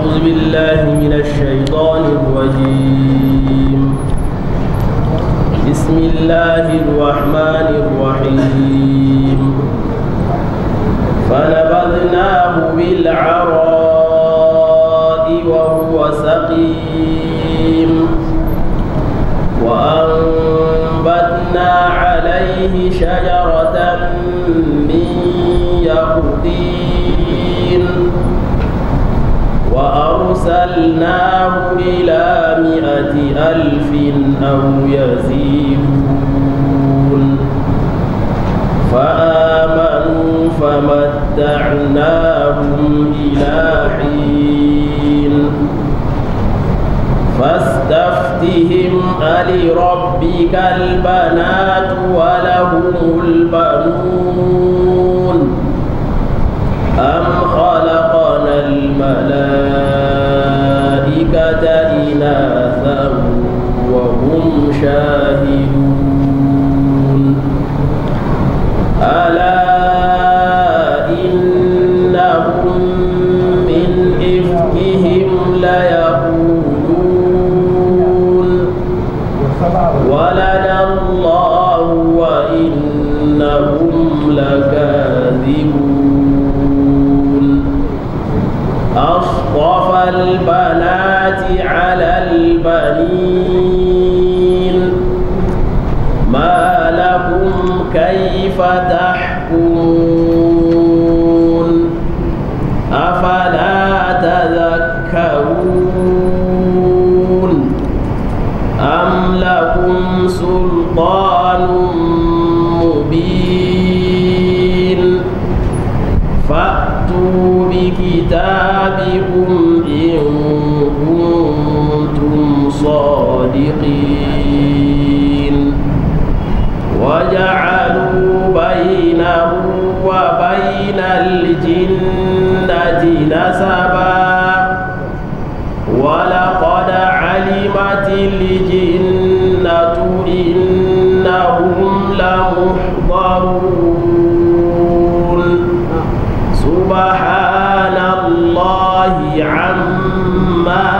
أعوذ بالله من الشيطان الرجيم بسم الله الرحمن الرحيم فنبذناه بالعراء أرسلناه إلى مئة ألف أو يزيدون فآمنوا فمتعناهم إلى حين فاستفتهم ألربك البنات ولهم البنون أم خلقنا الملائكة إناثا وهم شاهدون البنات على البنين ما لكم كيف تحكمون أفلا تذكرون أم لكم سلطان مبين فأتوا بكتابكم مشفقين وجعلوا بينه وبين الجنة نسبا ولقد علمت الجنة إنهم لمحضرون سبحان الله عما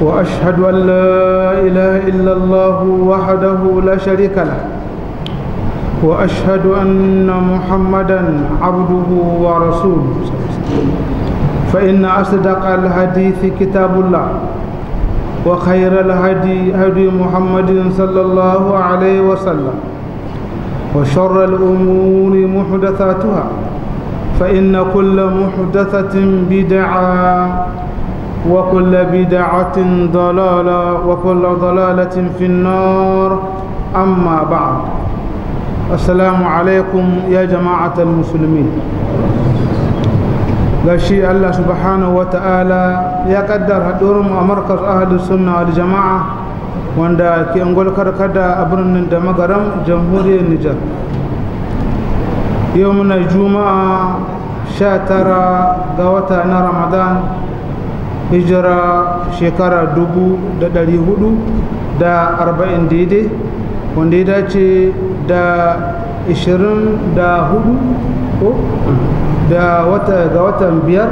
واشهد ان لا اله الا الله وحده لا شريك له واشهد ان محمدا عبده ورسوله فان اصدق الحديث كتاب الله وخير الهدي هدي محمد صلى الله عليه وسلم وشر الامور محدثاتها فان كل محدثه بدعه وكل بدعة ضلالة وكل ضلالة في النار أما بعد السلام عليكم يا جماعة gashi Allah subhanahu wa ta'ala ya kaddar haɗurin a markar ahalus sunna wal jama'a wanda ke angol karkada a birnin da magaram jamhuriyar Nijar yau muna juma'a tara ga wata na Ramadan hijira shekara dubu da dari hudu da arba'in daidai wanda ya dace da ishirin da hudu ko da wata ga watan biyar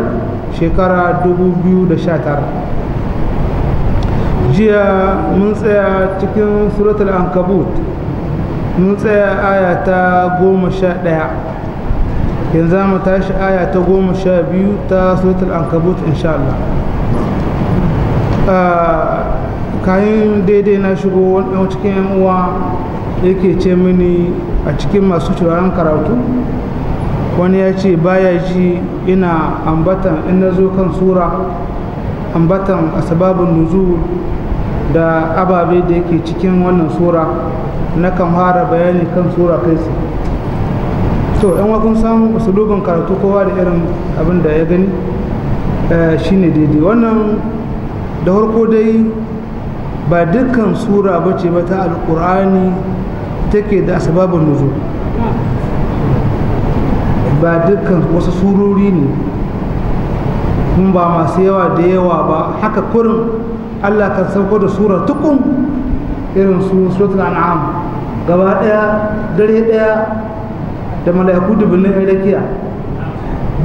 shekara dubu biyu da sha tara jiya mun tsaya cikin suratul ankabut mun tsaya aya ta goma sha ɗaya yanzu mu tashi aya ta goma sha biyu ta suratul ankabut insha Allah kayan daidai na shigo wani cikin yan uwa yake ce mini a cikin masu turaren karatu wani ya ce baya ji ina ambatan in na zo kan sura ambatan asababin nuzu da ababe da yake cikin wannan sura na kan fara bayani kan sura kai su to yan kun samu usulubin karatu kowa da irin abin da ya gani eh, shine daidai wannan da harko dai ba dukkan sura ba ce mata ta alkur'ani take da asababin nuzo ba dukkan wasu surori ne kuma ba masu yawa da yawa ba haka kurin allah kan sauko da sura tukun irin su suratul an'am gaba daya dare daya da mala'iku dubbin rakiya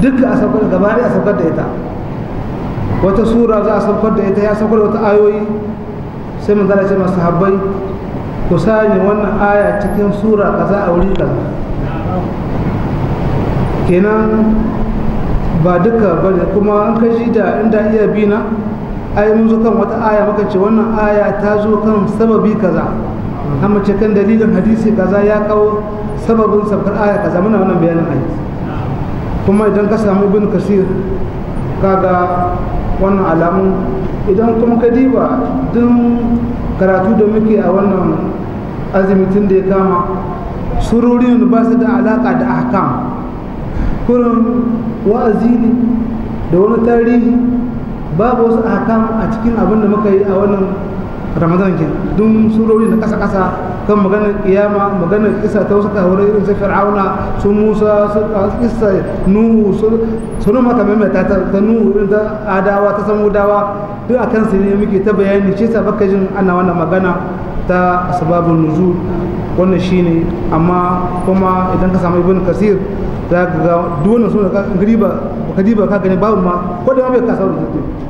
duka a saukar gaba daya saukar da ita wata sura za a saukar da ita ya saukar wata ayoyi sai mun zara ce masu habbai ku sani wannan aya cikin sura za a wuri kaza kenan ba duka ba ne kuma an shi da inda iya bi na ai mun zo kan wata aya muka ce wannan aya ta zo kan sababi kaza an mace kan dalilin hadisi kaza ya kawo sababin sabkar aya kaza muna wannan bayanin ai kuma idan ka samu bin kasir kaga wannan alamun idan kuma ka diba don karatu da muke a wannan azimitin da ya kama sururin ba su da alaka da aka kurin wa'azi ne da wani tarihi babu wasu ahkam a cikin abin da muka yi a wannan ramadan ke don surori na kasa-kasa kan maganar kiyama maganar isa ta wasu kahurai irin sai fir'auna sun musa sun isa nuhu sun numa kamar mai ta nuhu irin ta adawa ta samudawa duk a kansu ne muke ta bayani shi sa baka jin ana wannan magana ta asbabun nuzu wannan shi ne amma kuma idan ka samu ibn kasir za ka ga duk wannan suna gariba ka diba ka gani babu ma ko da bai kasa da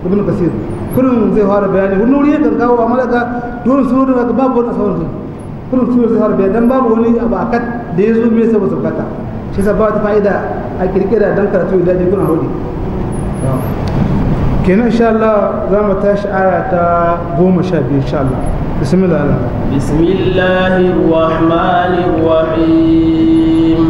ibn kasir kullum zai fara bayani wani wuri ya kan kawo amma daga duk wannan suna babu wannan sauran كل شيء ظهر بيدن باب وني أباكت ديزو ميسا وسبكتا شيء سبات فائدة أكيد كده دم كرتو إذا يكون هودي كنا إن شاء الله زم تاش آية تا قوم شابي إن شاء الله بسم الله بسم الله الرحمن الرحيم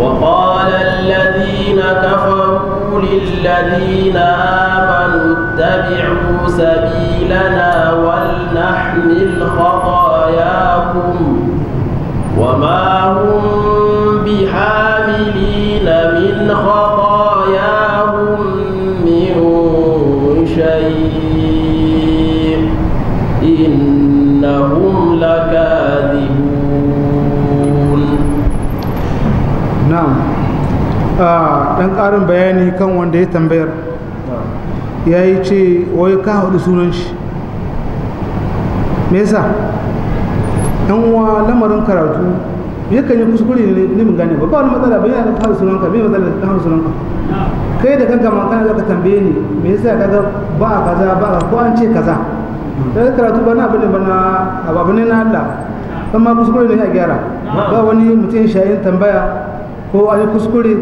وقال الذين كفروا للذين آمنوا اتبعوا سبيلنا ولنحمل خطايانا أهواءهم وما هم بحاملين من خطاياهم من نعم ƙarin bayani kan wanda ya tambayar ya yi ce wai ka haɗu sunan shi me danwa lamarin karatu yakan yi kuskure ne mun gane ba ba wani matsala ba yana da ka me matsala ta kan ka. kai da kanka ma kana ka tambaye ni me yasa kaga ba kaza ba ko an ce kaza sai karatu ba na bane bana abu ne na Allah amma kuskure ne ya gyara ba wani mutum shayin tambaya ko yi kuskure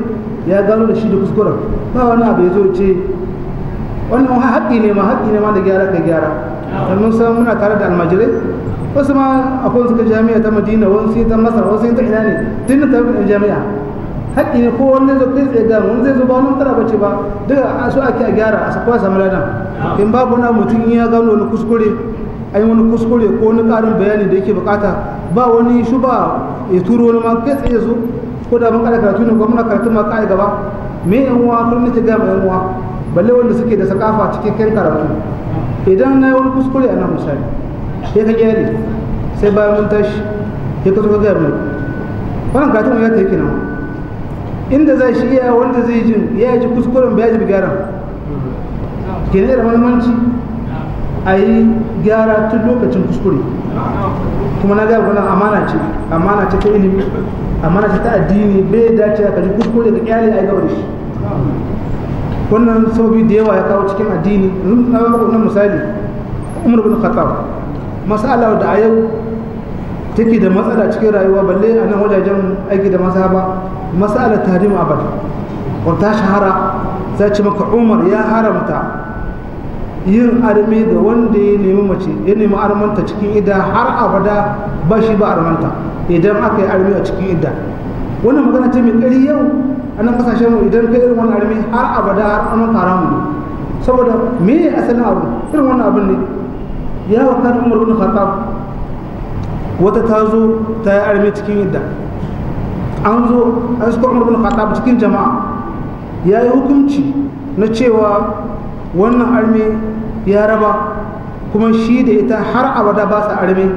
ya gano da shi da kuskuren ba wani abu ya zo ce wannan haƙƙi ne ma haƙƙi ne ma da gyara ka gyara sannan sai muna tare da almajirai wasu ma akwai suka jami'a ta madina wasu ta masar wasu ta ina ne tun ta jami'a haƙƙi ne ko wani zai kai tsaye gama wani zai zo ba wani tara bace ba duka a so ake a gyara a sakwasa maladan ladan in ku na mutum ya gano wani kuskure ai wani kuskure ko wani ƙarin bayani da yake bukata ba wani shuba ya turo wani ma kai tsaye zo ko da mun ƙara karatu ne gwamna karatu ma kai gaba me yan uwa kullum ta gama yan uwa balle wanda suke da sakafa cikin karatu idan na yi wani kuskure a nan misali sai ka gyare sai bayan mun tashi ya ka zo ka gaya mu wannan katon ya ta yake nan inda za shi iya wanda zai ji ya ji kuskuren bayan jibi gyara ke ne da mahimmanci a yi gyara tun lokacin kuskure kuma na gaya wannan amana ce amana ce ta ilimi amana ce ta addini bai dace a kaji kuskure ga kyale a yi gaba da shi wannan saubi da yawa ya kawo cikin addini na misali umar bin khattab masala da a yau take da matsala cikin rayuwa balle a nan wajajen aiki da ba masala tahrim abada. wata shahara za ce maka umar ya haramta yin arme ga wanda ya nemi mace ya nemi armanta cikin ida har abada ba shi ba armanta idan aka yi arme a cikin ida wannan magana ce mai ƙari yau a nan kasashen mu idan ka irin wani arme har abada har armanta haramu ne saboda me asalin abu irin wani abin ne ya wa kan umar ibn khattab wata ta zo ta yi arme cikin yadda an zo a suka umar ibn khattab cikin jama'a ya yi hukunci na cewa wannan arme ya raba kuma shi da ita har abada ba sa arme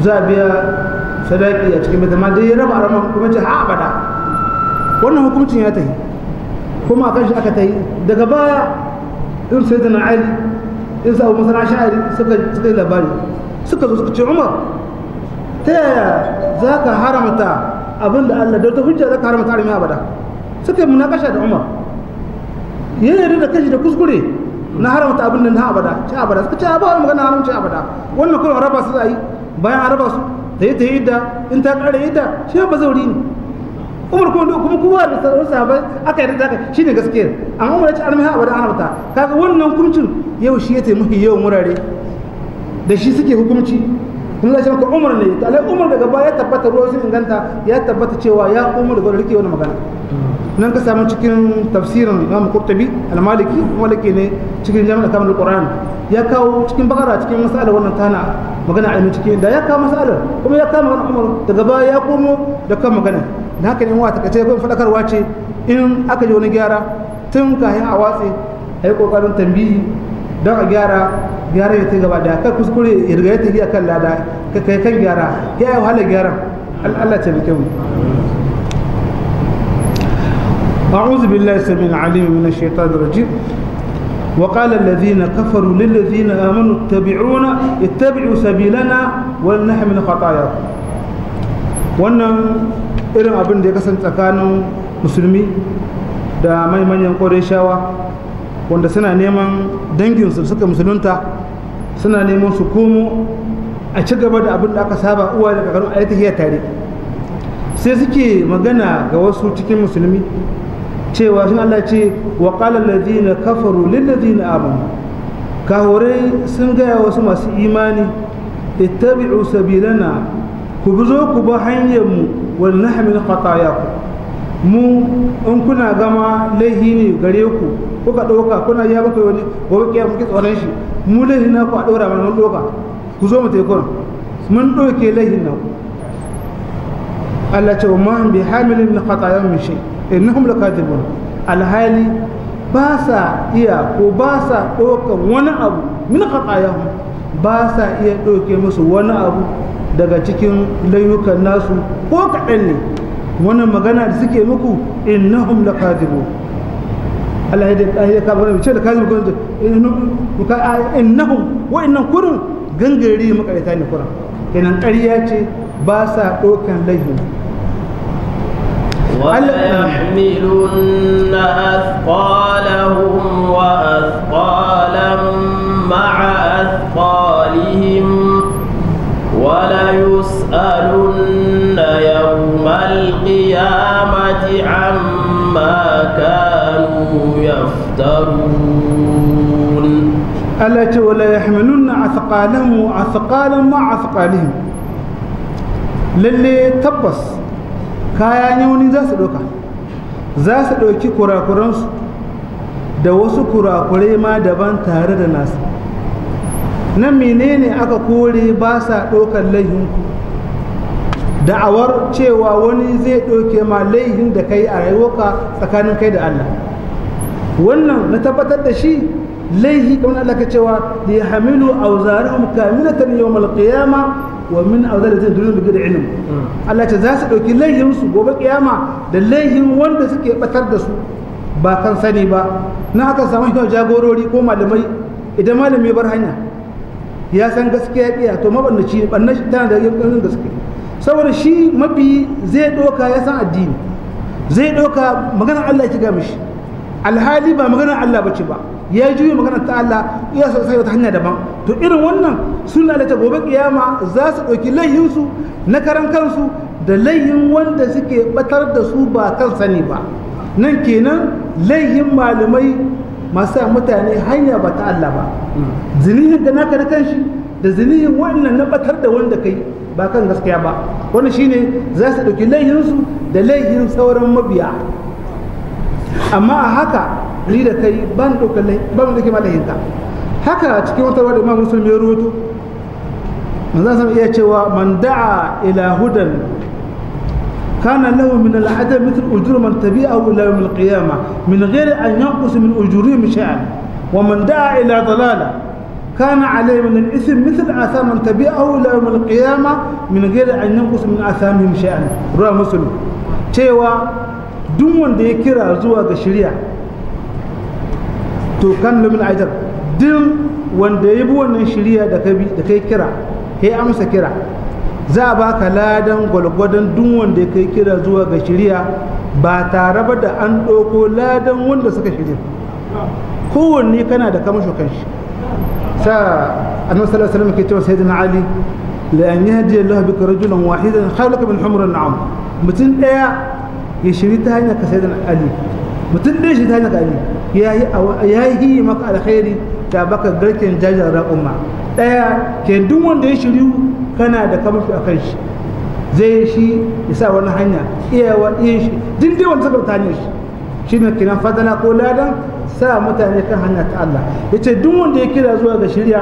za a biya sadaki a cikin bata dai ya raba arman kuma ce har abada wannan hukuncin ya ta yi kuma a kan shi aka ta yi daga baya in sai na ali in sa'o masana sha'ari suka yi labari suka zo suka ce umar ta yaya za ka haramta abin da allah da ta hujja za ka haramta harami abada suka yi munakasha da umar ya yi da kashi da kuskure na haramta abin da na abada ci abada suka ce a ba magana haramci abada wannan kuma raba su za a yi bayan a su ta yi ta yi da in ta kare yi da shi ba zauri ne umar kuma kuma kowa da sauran sahabbai aka yarda da shi ne gaskiya amma umar ya ci armiha abada ana harta kaga wannan hukuncin yau shi ya taimaki yau murare da shi suke hukunci kuma zai ka umar ne ta alai umar daga baya tabbata ruwa sun inganta ya tabbata cewa ya umar da rike wani magana nan ka samu cikin tafsirin imam qurtubi al-maliki maliki ne cikin jami'a kamar al-qur'an ya kawo cikin bakara cikin masalar wannan tana magana a cikin da ya kawo masalar kuma ya kawo magana umar daga baya ya komo da kan magana na haka ne wa ta kace kun fadakarwa ce in aka ji wani gyara tun kayan a watsi a yi kokarin tambihi don a gyara gyara ya ta gaba da kar kuskure ya riga ya ta giya kan lada ka kai kan gyara ya yi wahalar gyaran Allah ce mai kyau أعوذ بالله السميع العليم من الشيطان الرجيم وقال الذين كفروا للذين آمنوا اتبعونا اتبعوا سبيلنا ولنحمل خطاياكم wannan irin abin da ya kasance tsakanin musulmi da mai manyan shawa wanda suna neman danginsu suka musulunta suna neman su komo a ci gaba da abin da aka saba uwa da kakarun a hiyar tare sai suke magana ga wasu cikin musulmi cewa shi Allah ce wa na allazina kafaru lil na abin. kahorai sun gaya wasu masu imani ittabi'u sabilana ku bi zo ku ba hanyar mu walnahmil khatayakum mu in kuna zama laihi ne gare ku kuka ɗauka kuna ya baka wani gobe kiyar muke tsoron shi mu laihi na ku a ɗora mana mun ɗauka ku zo mu tekun mun ɗauke laihin na ku Allah ce ma bi hamilin min khatayan min shay innahum lakadibun alhali ba sa iya ko ba sa ɗaukan wani abu min khatayan ba sa iya ɗauke musu wani abu daga cikin layukan nasu ko kaɗan ne wannan magana da suke muku innahum la kadhibu Allah ya da ka bari ce da kadhibu ko innahum wa innan kurun gangare makarita ne kuran kenan ƙarya ce ba sa ɗaukan laifin ويحملن أثقالهم وأثقالا مع أثقالهم وليسألن يوم القيامة عما كانوا يفترون ألا ولا يحملن أثقالهم وأثقالا مع أثقالهم lalle tabbas kaya ne wani za su ɗauka za su ɗauki kurakuransu da wasu kurakurai ma daban tare da nasu na menene aka kore ba sa ɗaukar laihinku da'awar cewa wani zai ɗauke ma laihin da kai a rayuwarka tsakanin kai da Allah wannan na tabbatar da shi laihi kamar Allah ka cewa da ya hamilu wuzarin kamilatan yau malƙiyama wa min a wuzarin zai bugu da ilim. Allah ce za su ɗauki laihin su gobe ƙiyama da laihin wanda suke batar da su ba kan sani ba na haka samu jagorori ko malamai idan malami bar hanya ya san gaskiya ya biya to mabannaci ne shi tana da yankin gaske saboda shi mafi zai doka ya san addini zai doka maganar Allah ya kiga shi alhali ba maganar Allah ba bace ba ya juya maganar ta Allah ya sai wata hanya daban to irin wannan suna da gobe kiyama za su ɗauki layyin na karan kansu da layyin wanda suke batar da su ba kan sani ba nan kenan layyin malamai masu sa mutane hanya ba ta Allah ba zinihin da naka na kanshi da zinihin wannan na batar da wanda kai ba kan gaskiya ba wani shine za su ɗauki laihinsu da laihin sauran mabiya amma a haka ni da kai ban ɗauka ban ɗauki malahinka haka cikin wata wadda imam musulmi ya rubuto manzan sama iya cewa man da'a ila hudan كان له من العدم مثل أجور من تبعه إلى يوم القيامة من غير أن ينقص من أجورهم شيئا ومن دعا إلى ضلالة كان عليه من الإثم مثل آثام من تبعه إلى يوم القيامة من غير أن ينقص من آثامهم شيئا رواه مسلم cewa duk wanda ya kira zuwa ga shirya to kan lumin ajar duk wanda ya bi wannan shirya da kai kira ya amsa kira za a baka ladan gwalgwadon duk wanda kai kira zuwa ga shirya ba tare ba da an ɗauko ladan wanda suka shirya kowanne kana da kama shukan shi sa a nan salasa na ke cewa sayyidina ali la an yahdi Allah bika rajulan wahidan khalaka bin humr na'am mutum ɗaya ya shiri ta hanyar ka da ali mutum ɗaya shi ta hanyar ali ya yi maka alkhairi da baka garken jajar ra'umma ɗaya ke duk wanda ya shiri kana da ka a kan shi zai shi ya sa wani hanya iya wa iya shi din dai wani saboda hanyar shi shi ne kinan fadala ko ladan sa mutane kan hanya ta Allah ya ce duk wanda ya kira zuwa ga shirya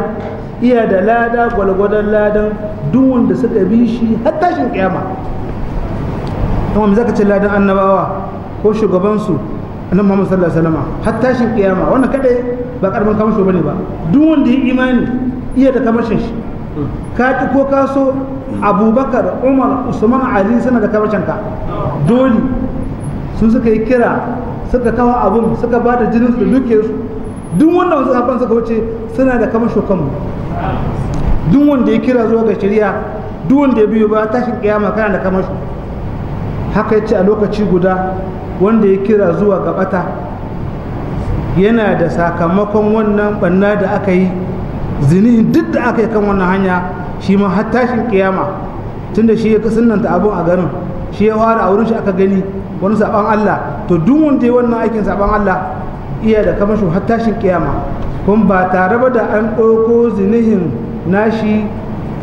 iya da lada gwalgwadon ladan duk wanda suka bi shi har tashin kiyama kuma me zaka ce ladan annabawa ko shugabansu annabi Muhammad sallallahu alaihi wasallam har tashin kiyama wannan kadai ba karbin kamar shi bane ba duk wanda ya imani iya da kamashin shi ka ki ko ka so abubakar umar usman ali suna da kabarcinka dole su suka yi kira suka kawo abin suka ba da jinin su da duke su duk wanda wasu abin suka wuce suna da kamar shokanmu duk wanda ya kira zuwa ga shirya duk wanda ya biyo ba tashin kiyama kana da kamar haka ya ce a lokaci guda wanda ya kira zuwa ga bata yana da sakamakon wannan banna da aka yi zinihin duk da aka yi kan wannan hanya shi ma har tashin kiyama tunda shi ya sunanta abin a garin shi ya fara a wurin shi aka gani wani saban Allah to duk wanda ya wannan aikin saban Allah iya da kamar har tashin kiyama kun ba tare ba da an ɗauko zinihin nashi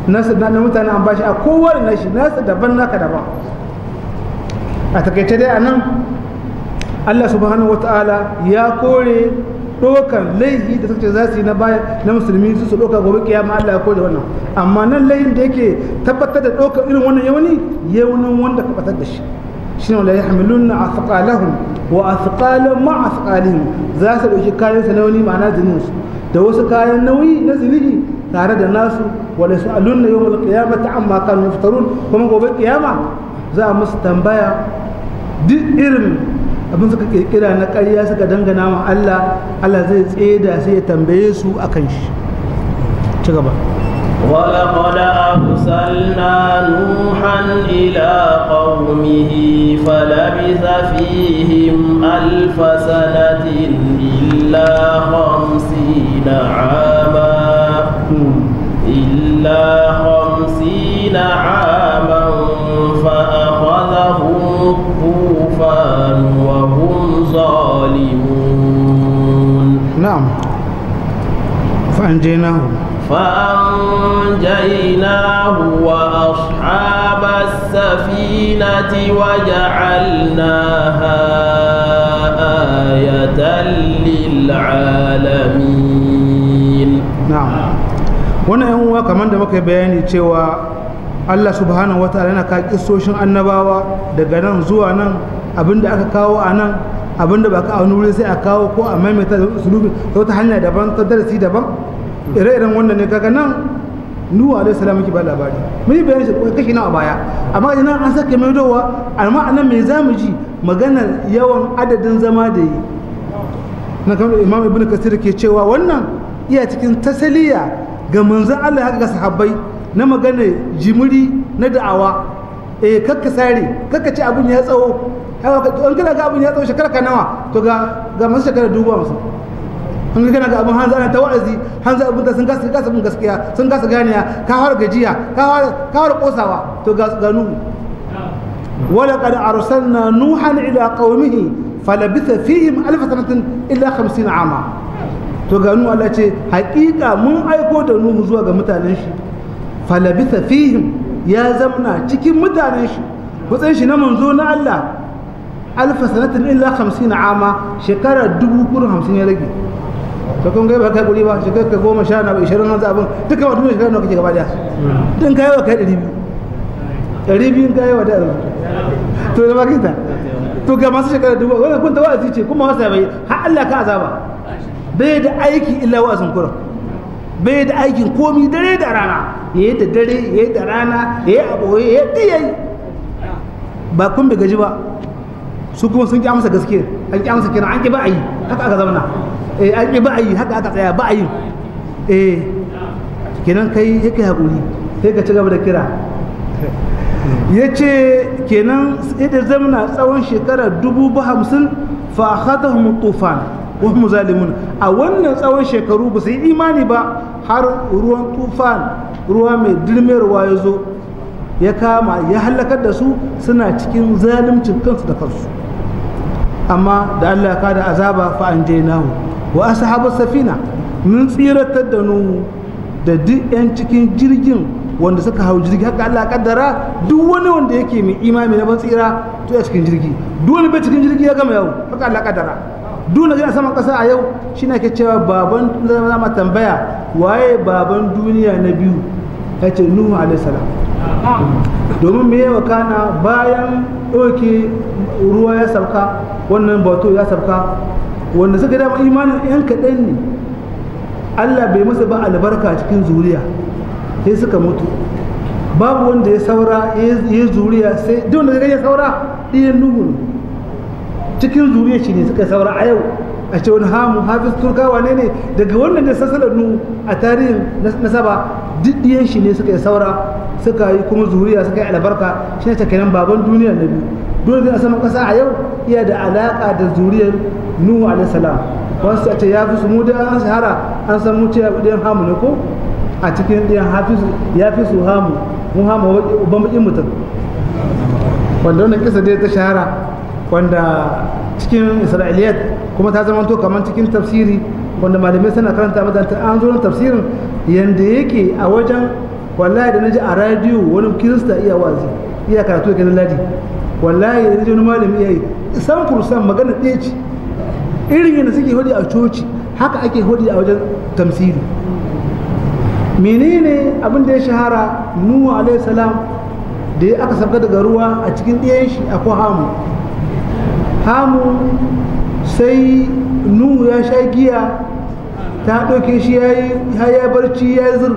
nasu na mutane an bashi a kowane nashi nasu daban naka daban a takaice dai a nan Allah subhanahu wa ta'ala ya kore ɗaukar laihi da suka ce za su yi na baya na musulmi su su ɗauka gobe kiyama Allah ya da wannan amma nan laihin da yake tabbatar da ɗaukar irin wannan yawani wani wanda ka ɓatar da shi shine wala yahmiluna athqalahum wa athqala ma athqalihim za su ɗauki kayan sa nauni ma'ana zinin su da wasu kayan nauyi na zinihi tare da nasu wala su'aluna yawmal ta amma kan yaftarun kuma gobe kiyama za a musu tambaya duk irin abin suka kirkira na ƙarya suka dangana ma Allah Allah zai tseda sai ya tambaye su akan shi ci gaba ولقد أرسلنا نوحا إلى قومه فلبث فيهم ألف سنة إلا خمسين عاما فأنجيناه فأنجيناه وأصحاب السفينة وجعلناها آية للعالمين نعم wannan yan uwa kamar da muka bayani cewa Allah subhanahu wa ta'ala yana ka kissoshin annabawa daga nan zuwa nan abinda aka kawo a nan abinda ba ka a wani wuri sai a kawo ko a maimaita su ta hanya daban ta darasi daban ire-iren wannan ne kaga nan nuwa alaihi salam yake ba labari mun yi bayani shi kashi na a baya amma ina an sake mai dowa amma anan me zamu ji magana yawan adadin zama da yi na kamar imam ibn kasir ke cewa wannan iya cikin tasaliya ga manzon Allah haka ga sahabbai na magana jimiri na da'awa eh kakka sare kakka ce abun ya tsawo haka an kana ga abun ya tsawo shekara ka nawa to ga ga masu shekara dubu hamsin kun gana ga abin hanzu ana ta wa'azi hanzu abin da sun kasa kasa bin gaskiya sun kasa ganiya ka har gajiya ka har ka har kosawa to ga ga nuhu ولقد أرسلنا نوحا ila قومه فلبث فيهم ألف ila إلا خمسين ama. to ga nuhu Allah ce haƙiƙa mun aiko da nuhu zuwa ga mutanen shi falabitha fihim ya zamna cikin mutanen shi kutsin shi na manzo na Allah alfa sanatin illa 50 ama shekara dubu kurin 50 ya rage to kun ga ba kai guri ba shi ka goma sha na ishirin wanzu abin duka wata shekara nawa kake gaba daya din kai wa kai ɗari biyu ɗari biyu kai wa da to zama kai ta to ga masu shekara dubu wannan kun tawa wa'azi ce kuma wasa bai har Allah ka azaba bai da aiki illa sun kura bai da aikin komi dare da rana yayi da dare yayi da rana yayi aboye yayi diyayi ba kun bi gaji ba su kuma sun ki amsa gaske an ki amsa kira an ki ba a yi haka aka zauna eh an yi ba'ayi haka aka tsaya ba'ayin eh kenan kai yake haƙuri sai ka ci gaba da kira ya ce kenan da zamna tsawon shekarar dubu ba hamsin fa mu tufan wa hum zalimun a wannan tsawon shekaru ba su yi imani ba har ruwan tufan ruwa mai dilmerwa ya zo ya kama ya halakar da su suna cikin zalimcin kansu da kansu amma da Allah ya kada azaba fa an dainahu wa ashabu safina mun tsiratar da nu da duk yan cikin jirgin wanda suka hau jirgi haka Allah kaddara duk wani wanda yake mai imami na tsira to ya cikin jirgi duk wani bai cikin jirgi ya gama yau haka Allah kaddara duk na saman kasa a yau shi na ke cewa baban zama tambaya waye baban duniya na biyu ya nuhu alayhi salam domin me yawa kana bayan ɗauke ruwa ya sauka wannan bato ya sauka wanda suka dama imanin yan kaɗan ne allah bai masa ba albarka cikin zuriya sai suka mutu babu wanda ya saura ya zuriya sai duk wanda ya saura ɗiyan nuhu cikin zuriya shi ne suka saura a yau a ce wani hamu hafiz turkawa ne ne daga wannan da sassalar nuhu a tarihin nasaba duk shi ne suka yi saura suka yi kuma zuriya suka yi albarka shi ne takenan baban duniya na biyu dole zai asama ƙasa kasa a yau iya da alaka da zuriyar nuhu alaihi salam wasu a ce ya fi su mu da an shahara an san mu cewa ɗiyan hamu ne ko a cikin ɗiyan ya fi su hamu mu hamu uban baƙin mutum wanda wannan kisa dai ta shahara wanda cikin isra'iliyat kuma ta zama to kamar cikin tafsiri wanda malamai suna karanta mata an zo tafsirin yanda yake a wajen wallahi da naji a radio wani kirista iya wazi iya karatu kenan ladi wallahi da naji wani malami iya yi san kursan magana ɗaya ce irin yadda suke hodi a coci haka ake hodi a wajen tamsiri menene abin da ya shahara nuhu alaihi salam da ya aka sabga daga ruwa a cikin ɗayan shi akwai hamu hamu sai nuhu ya sha giya ta ɗauke shi ya yi ya barci ya zur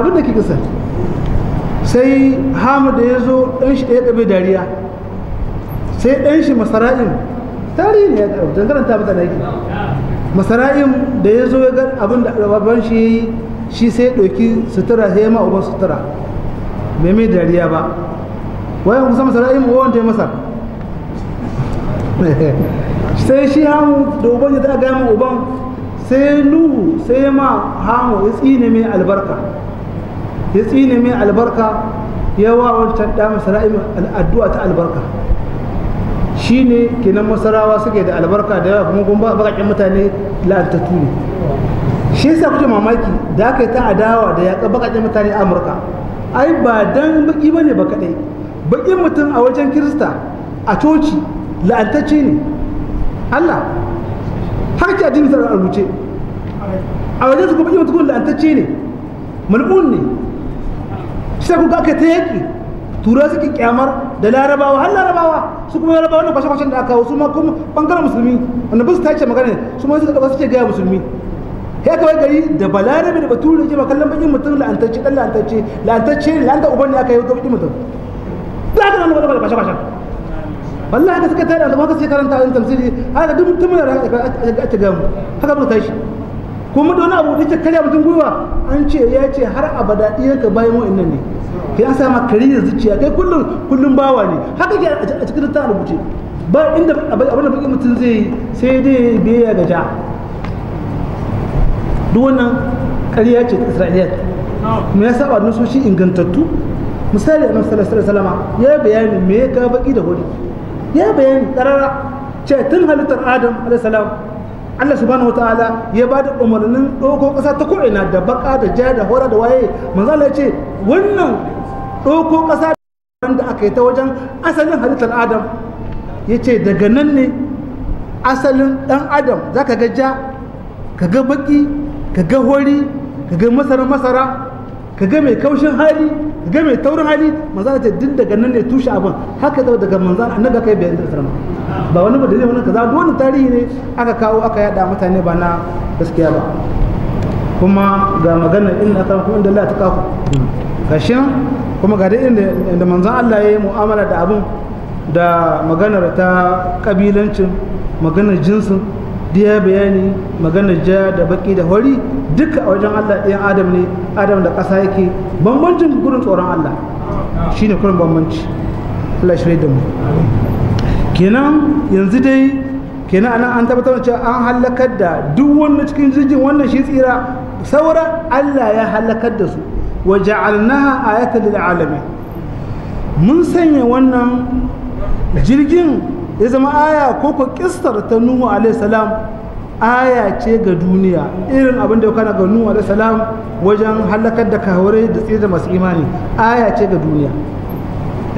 abin da ke kisa sai hamu da ya zo ɗanshi shi ɗaya ɗabe dariya sai ɗanshi shi masara'in tarihi ne ya ɗau dangaren ta bata naki masara'in da ya zo ya ga abin da babban shi ya yi shi sai ɗauki sutura sai ya ma uban sutura bai mai dariya ba wayan kusa masara'in wawan ta yi masar sai shi hamu da uban ya ta uban sai nuhu sai ma hamu ya tsine mai albarka ya tsine mai albarka ya wa wancan ɗa masara'im al'addu'a ta albarka shi ne kenan masarawa suke da albarka da yawa kuma gumba bakakin mutane la'antattu ne shi sa kuke mamaki da aka yi ta adawa da ya yaƙa bakakin mutane amurka ai ba dan baki ba ne ba kaɗai baƙin mutum a wajen kirista a coci la'antacce ne Allah haka ce addinin sarar rubuce a wajen su kuma imatu la'antacce ne mal'un ne shi kuka aka ta yaƙi turai suke kyamar da larabawa har larabawa su kuma larabawa na kwashe-kwashen da aka hau su ma kuma bangaren musulmi wanda ba su tace magana su ma suka ɗauka suke gaya musulmi ya kawai gari da balarabe da bature ke kallon bakin mutum la'antacce ɗan la'antacce la'antacce ne la'anta uban ne aka yi bakin mutum za ka nan wani kwashe-kwashen wallahi haka suka da al'umma haka suka karanta a tamsiri haka duk mutum na ake gamu haka muka tashi kuma da wani abu da ke karya mutum gwiwa an ce ya ce har abada iyanka bayan wa'annan ne kai an sama kariya zuciya kai kullum kullum bawa ne haka ke a cikin ta rubuce ba inda abin da bakin mutum zai yi sai dai biya ga ja duk wannan kariya ce isra'iliya me yasa saba nusoshi ingantattu misali a nan sallallahu alaihi wasallam ya bayani me ya ka baki da hori ya bayani karara ce tun halittar adam alaihissalam Allah subhanahu wataala ya ba da umarnin ɗauko ƙasa ta ko'ina da baka da jaya da hora da waye manzo ce wannan ɗauko ƙasa da aka yi ta wajen asalin halittar adam ya ce daga nan ne asalin ɗan adam za ka ga ja ka ga baki ka ga hori ka ga masara masara ka ga mai kaushin hali ka ga mai taurin hali manzo ta din daga nan ne tushe abin haka da daga manzo annabi kai bayan da sallama ba wani badali wannan kaza duk wani tarihi ne aka kawo aka yada mutane ba na gaskiya ba kuma ga maganar inna ku inda Allah ta kafu kashin kuma ga dai inda manzo Allah ya yi mu'amala da abun da maganar ta kabilancin maganar jinsin diya bayani magana ja da baki da hori duka a wajen Allah ɗayan adam ne adam da ƙasa yake bambancin gurin tsoron Allah shi ne kurin bambanci Allah shirai da mu kenan yanzu dai kenan anan an tabbatar da cewa an halakar da duk wanda cikin jirgin wannan shi tsira sauran Allah ya halakar da su wa ja'alnaha ayatan lil alamin mun sanya wannan jirgin ya zama aya ko ku kistar ta nuhu alaihi salam aya ce ga duniya irin abin da ya kana ga nuhu alaihi salam wajen halakar da kahurai da tsira masu imani aya ce ga duniya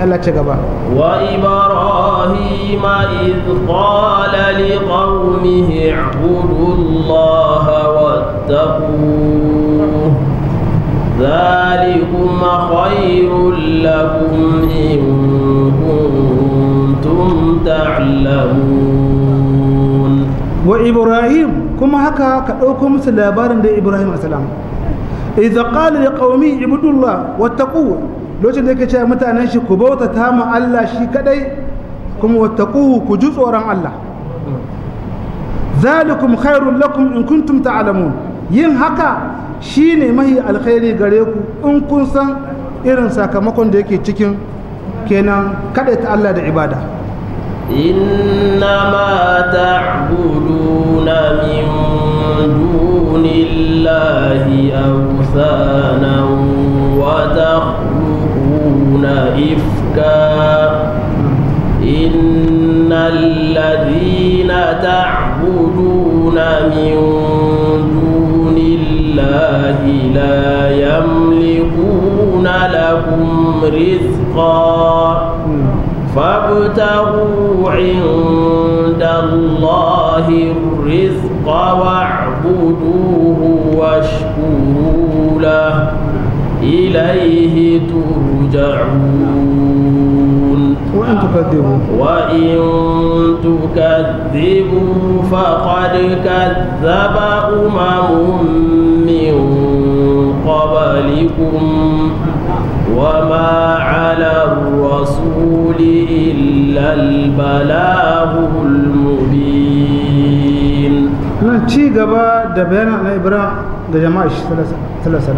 Allah ce gaba wa ibrahim id qala li qaumihi ibudullaha wattaquhu ذلكم خير لكم kuntum ta'lamun wa ibrahim kuma haka ka ɗauko musu labarin da ibrahim asalam idza qala liqaumi ibudullah wattaqu lokacin da yake cewa mutanen shi ku bautata ma Allah shi kadai kuma wattaqu ku ji tsoron Allah zalikum khairul lakum in kuntum ta'lamun yin haka shine mahi alkhairi gare ku in kun san irin sakamakon da yake cikin kenan kada ta Allah da ibada inna ma ta'budu na min ifka inna alladhina ta'buduna min dunillahi la yamlikuna لكم رزقا فابتغوا عند الله الرزق واعبدوه واشكروا له إليه ترجعون وإن تكذبوا وإن تكذبوا فقد كذب أمم من قبلكم وما على الرسول إلا البلاغ المبين نحكي قبا دبينا إبراء جماعة ثلاثة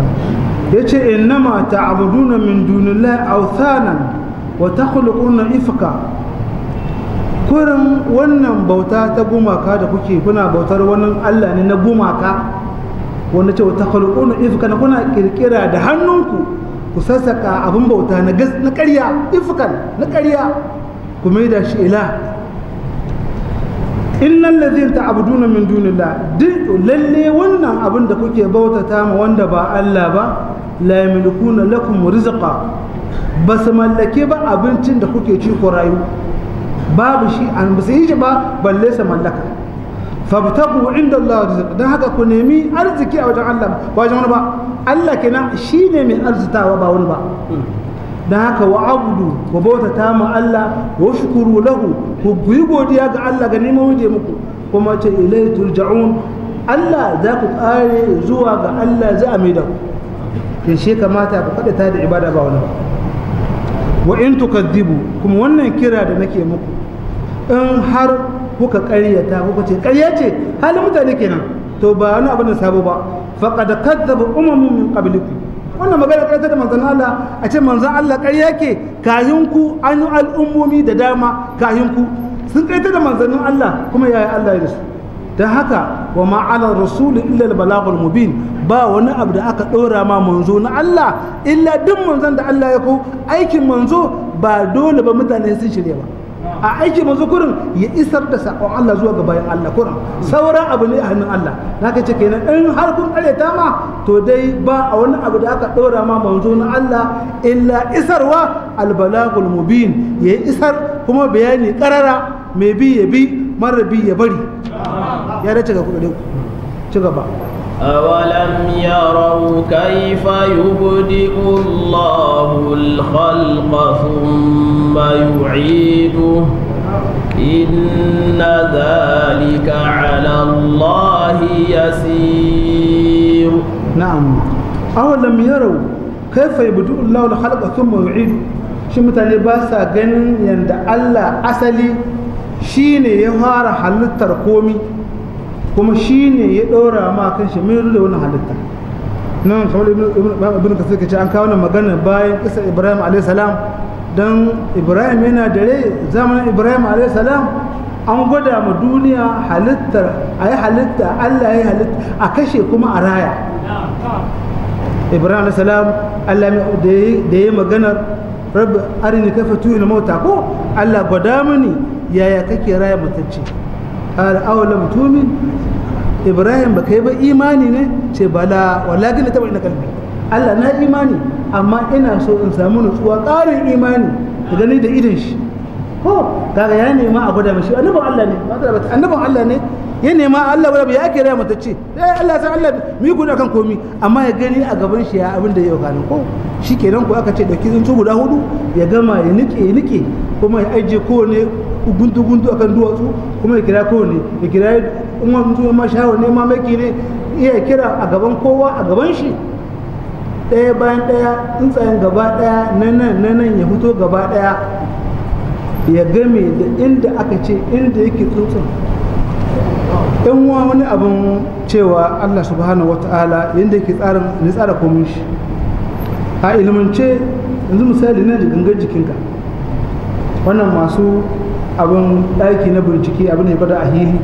يتي إنما تعبدون من دون الله أوثانا وتخلقون إفكا kurin wannan bauta ta gumaka da kuke kuna bautar wannan Allah ne na gumaka wanda ce wata kalƙunan ifka kuna kirkira da hannunku ku sassaka abin bauta na ƙarya ifukan na ƙarya ku mai da shi ila innan lazin ta abuduna min dunillah duk lalle wannan abin da kuke bautata ma wanda ba Allah ba la yamlikuna lakum rizqa ba su mallake ba abincin da kuke ci ko rayu babu shi an ba su yi shi ba balle su mallaka fabtagu inda Allah rizq dan haka ku nemi arziki a wajen Allah ba wajen wani ba Allah kenan ne mai arzutawa ba wani ba da haka wa abudu ku ta mu Allah wa shukuru lahu ku yi godiya ga Allah ga neman waje muku kuma ce ilai turja'un Allah za ku kare zuwa ga Allah za a maida ku kin shi kamata ku ta da ibada ba wani ba wa in dibu kuma wannan kira da nake muku in har kuka karyata kuka ce ƙarya ce halin mutane kenan to ba wani abin da sabo ba faqad kadzaba umamun min qablikum wannan magana karanta da manzon Allah a ce manzon Allah ƙarya ke kahin ku an al'ummomi da dama kahin ku sun karanta da manzannin Allah kuma yaya Allah ya da ta haka wa ma'alar rasulu illa balagul mubin ba wani abu da aka ɗora ma manzo na Allah illa duk manzon da Allah ya ko aikin manzo ba dole ba mutane sun shirya ba a aiki manzo kurin ya isar da sakon Allah zuwa ga bayan Allah kurin sauran abu ne a hannun Allah naka ce kenan in har kun ta ma to dai ba a wani abu da aka ɗora ma manzo na Allah illa isarwa albalagul mubin ya isar kuma bayani karara mai bi ya bi mara bi ya bari ya dace ga kuɗaɗe ci gaba أولم يروا كيف يبدئ الله الخلق ثم يعيده إن ذلك على الله يسير نعم أولم يروا كيف يبدئ الله الخلق ثم يعيده shi mutane ba sa ganin yadda Allah asali shine ya fara halittar komi kuma shi ne ya ɗora ma kan shi mai da wani halitta nan kamar ibn kasir ka ce an kawo magana bayan kisa ibrahim a.s. don ibrahim yana da rai zamanin ibrahim a.s. an gwada ma duniya halittar a yi halitta allah ya yi halitta a kashe kuma a raya ibrahim a.s. allah da ya yi maganar rabu arini kafa tuhi na mota ko allah gwada mini yaya kake raya mutacce قال أولم تؤمن إبراهيم با إيماني نه شيء بلا ولكن تبع إلى قلبي Allah na imani amma ina so in samu nutsuwa ƙarin imani da gani هو idan shi ko kaga ya nema a gwada mashi annabin Allah ne annabin Allah ne ya nema Allah wani ya kira mata ce eh Allah san Allah mu yi akan komi amma ya gani a gaban shi ya abin da ya gani ko shikenan ko aka ce dauki tsuntsu guda hudu ya gama ya nike ya nike kuma ya aje ko ne guntu guntu akan duwatsu kuma ya kira kowane ya kira yi umar mutum ma shawar ne ma maki ne iya kira a gaban kowa a gaban shi ɗaya bayan ɗaya tsuntsayen gaba ɗaya na nan na nan ya fito gaba ɗaya ya game da inda aka ce inda yake tsuntsun ɗan wa wani abin cewa allah subhanahu wa ta'ala yadda yake tsarin ne tsara komin shi a ilimance yanzu misali na da gangar jikinka wannan masu abin ɗaki na bincike abin ya bada a hili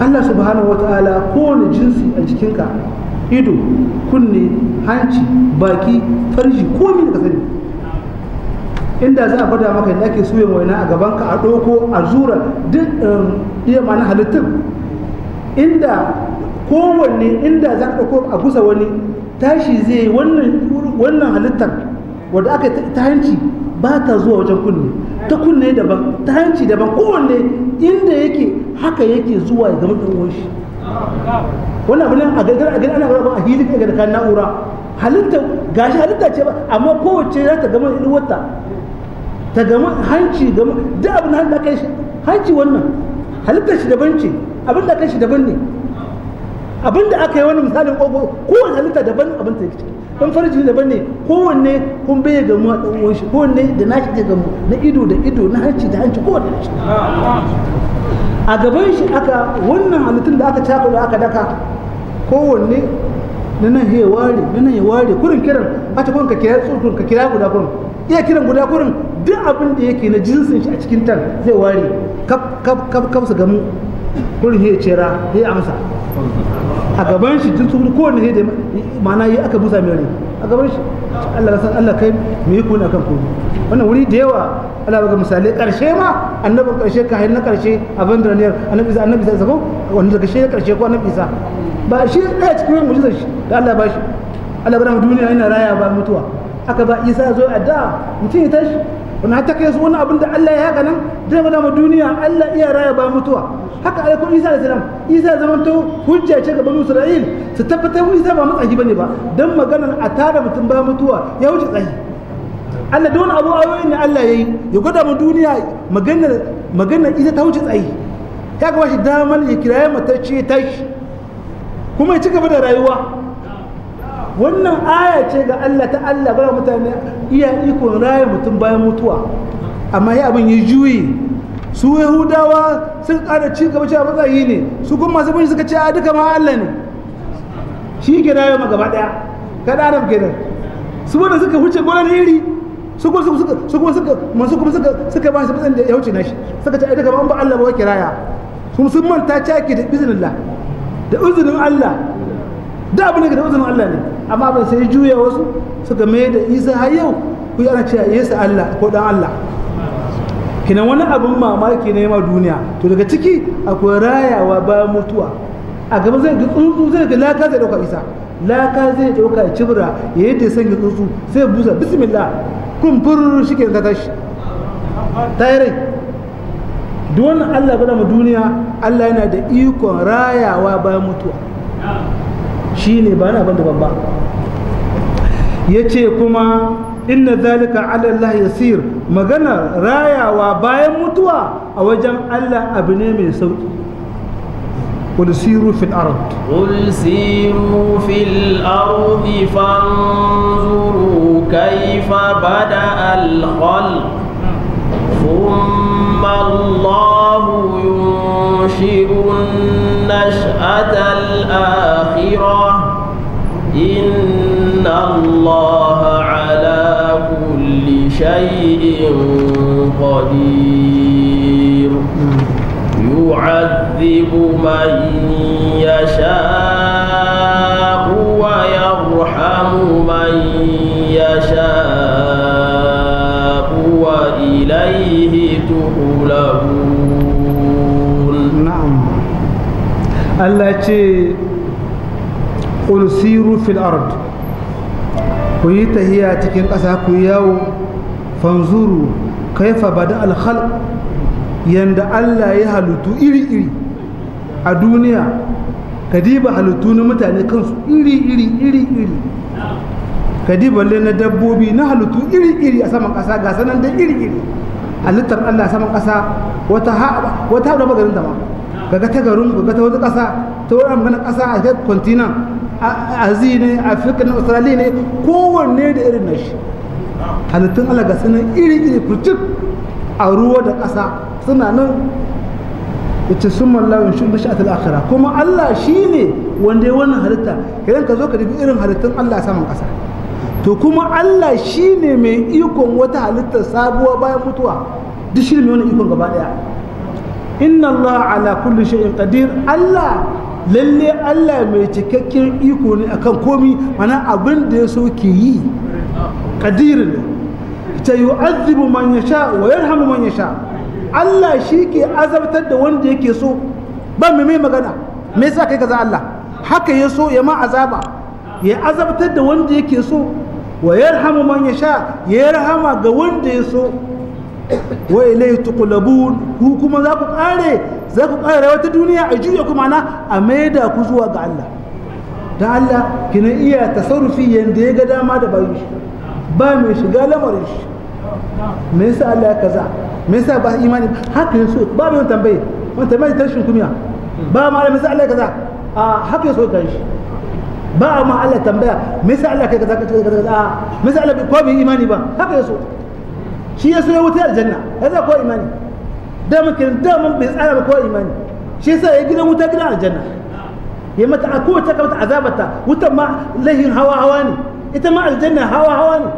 allah subhanahu wa ta'ala kowane jinsi a jikinka ido kunne hanci baki farji komi da ka sani inda za a gwada maka yadda ake suyan waina a gabanka a ɗauko a zura duk um, iya mana halittun inda kowanne inda za ka ɗauko a gusa wani tashi zai wannan halittar wadda aka ta hanci ba ta zuwa wajen kunne ta kunne daban ta hanci daban kowanne inda yake haka yake zuwa ga mutum wanshi. shi wannan abin a gargara a gargara ana a hili a gargara na'ura halitta gashi halitta ce ba amma kowace za ta gama inuwarta ta gama hanci gama duk abin da kai shi hanci wannan halitta shi daban ce abin da kai shi daban ne abinda aka yi wani misalin ogo kowane halitta daban abin ta ciki dan farji daban ne kowanne kun bai ga mu a dan uwan shi kowanne da nashi zai ga na ido da ido na hanci da hanci kowanne shi a gaban shi aka wannan halittun da aka cakuɗa aka daka kowanne na nan ya ware na nan ya ware kurin kiran a ta ka kira tsurkun ka kira guda kurin iya kiran guda kurin duk abin da yake na jinsin shi a cikin tan zai ware kaf kaf kaf su gamu kurin ya cera ya amsa a gaban shi tun tsuru kowane sai da ma'ana yi aka busa mere a gaban shi Allah san Allah kai mai kuni akan kuni. wannan wuri da yawa Allah baka misali karshe ma annabin karshe ka hayar na karshe a bandar ne annabi isa annabi isa ko wanda daga shi karshe ko annabi isa ba shi ɗaya cikin mujizar shi da Allah ba shi Allah ba duniya yana raya ba mutuwa aka ba isa zo a da mutum ya tashi wani hatta kai su wani abin da Allah ya haka nan zai faɗa ma duniya Allah iya raya ba mutuwa haka alaikun isa da salam isa ya zama to hujja ce ga bani isra'il su tabbatar isa ba matsayi bane ba dan maganar a tare mutum ba mutuwa ya wuce tsayi Allah don abu ayoyin ne Allah ya yi ya gwada mu duniya maganar maganar isa ta wuce tsayi ya ga shi damar ya kiraye matacce tashi kuma ya ci gaba da rayuwa wannan aya ce ga Allah ta Allah ba mutane iya iko raye mutum bayan mutuwa amma ya abin ya juyi su yahudawa sun kada ci gaba cewa matsayi ne su kuma masu bin suka ce a duka ma Allah ne shi ke raye ma gaba ɗaya kada adam kenan su wanda suka huce gonar iri su kuma suka su kuma suka masu kuma suka suka ba shi matsayin da ya huce nashi suka ce a duka ma an ba Allah ba kiraya kuma sun manta caki da izinin Allah da izinin Allah da abin da izinin Allah ne amma ban sai juya wasu suka mai da isa har yau ku yi ana cewa yesu allah ko dan allah kinan wani abin mamaki ne ma duniya to daga ciki akwai rayawa bayan mutuwa a gaba zai ga tsuntsu zai ga laka zai dauka isa laka zai dauka cibira ya yi ta ga tsuntsu sai busa bismillah kun fururu shi ke zata shi ta yi rai duk wannan allah gada mu duniya allah yana da ikon rayawa bayan mutuwa shi ne ba na abin daban ba ya ce kuma inna zalika ala Allah yasir magana rayawa bayan mutuwa a wajen Allah abu ne mai sauki قل سيروا في الأرض قل سيروا في الأرض فانظروا كيف بدأ الخلق ثم الله ينشئ نشأة الآخرة إن الله على كل شيء قدير يعذب من يشاء ويرحم من يشاء وإليه تقوم Allah ce ulsiru fil ard ku yi tahiya cikin ƙasa ku yawo fanzuru kaifa bada alhal yadda Allah ya halittu iri-iri a duniya ka diba halittu na mutane kansu iri-iri iri-iri kadiba na dabbobi na halittu iri-iri a saman ƙasa ga sanan da iri-iri halittar Allah a saman ƙasa wata ha wata haɗa magarin da ma ga ta garin kaga ta wata ƙasa ta wani amgana ƙasa a kan kontinan azi ne afirka na australia ne kowanne da irin nashi halittun allah ga sanin iri iri furtuk a ruwa da ƙasa suna nan ita sun mallawin shi bashi a talakara kuma allah shi ne wanda ya wannan halitta idan ka zo ka dubi irin halittun allah saman ƙasa to kuma allah shi ne mai ikon wata halitta sabuwa bayan mutuwa duk shi wani ikon gaba daya inna Allah ala kulli shay'in qadir Allah lalle Allah mai cikakken iko ne akan komi mana abin da ya so ke yi qadir ne ta yu'adhibu man yasha wa yarhamu man yasha Allah shi ke azabtar da wanda yake so ba mai mai magana me yasa kai kaza Allah haka ya so ya ma azaba ya azabtar da wanda yake so wa yarhamu man yasha ya yarhama ga wanda ya so wa ilayhi tuqlabun ku kuma za ku kare za ku kare wata duniya a juya ku mana a maida ku zuwa ga Allah dan Allah kina iya tasarrufi yanda ya ga dama da bayin shi ba mai shiga lamarin shi me yasa Allah ya kaza me yasa ba imani haka yaso ba mai tambaye wani tambaye ta kumiya ba ma Allah yasa Allah ya kaza a haka yaso kan shi ba ma Allah tambaya me yasa Allah ya kaza kaza kaza a me yasa Allah ko bai imani ba haka yaso shi ya sai wuta aljanna ya sa kowa imani daman da daman bai tsara ba kowa imani shi ya sa ya gina wuta gina aljanna ya mata a kowace ka mata azabata wutan ma lahin hawa hawa ne ita ma aljanna hawa hawa ne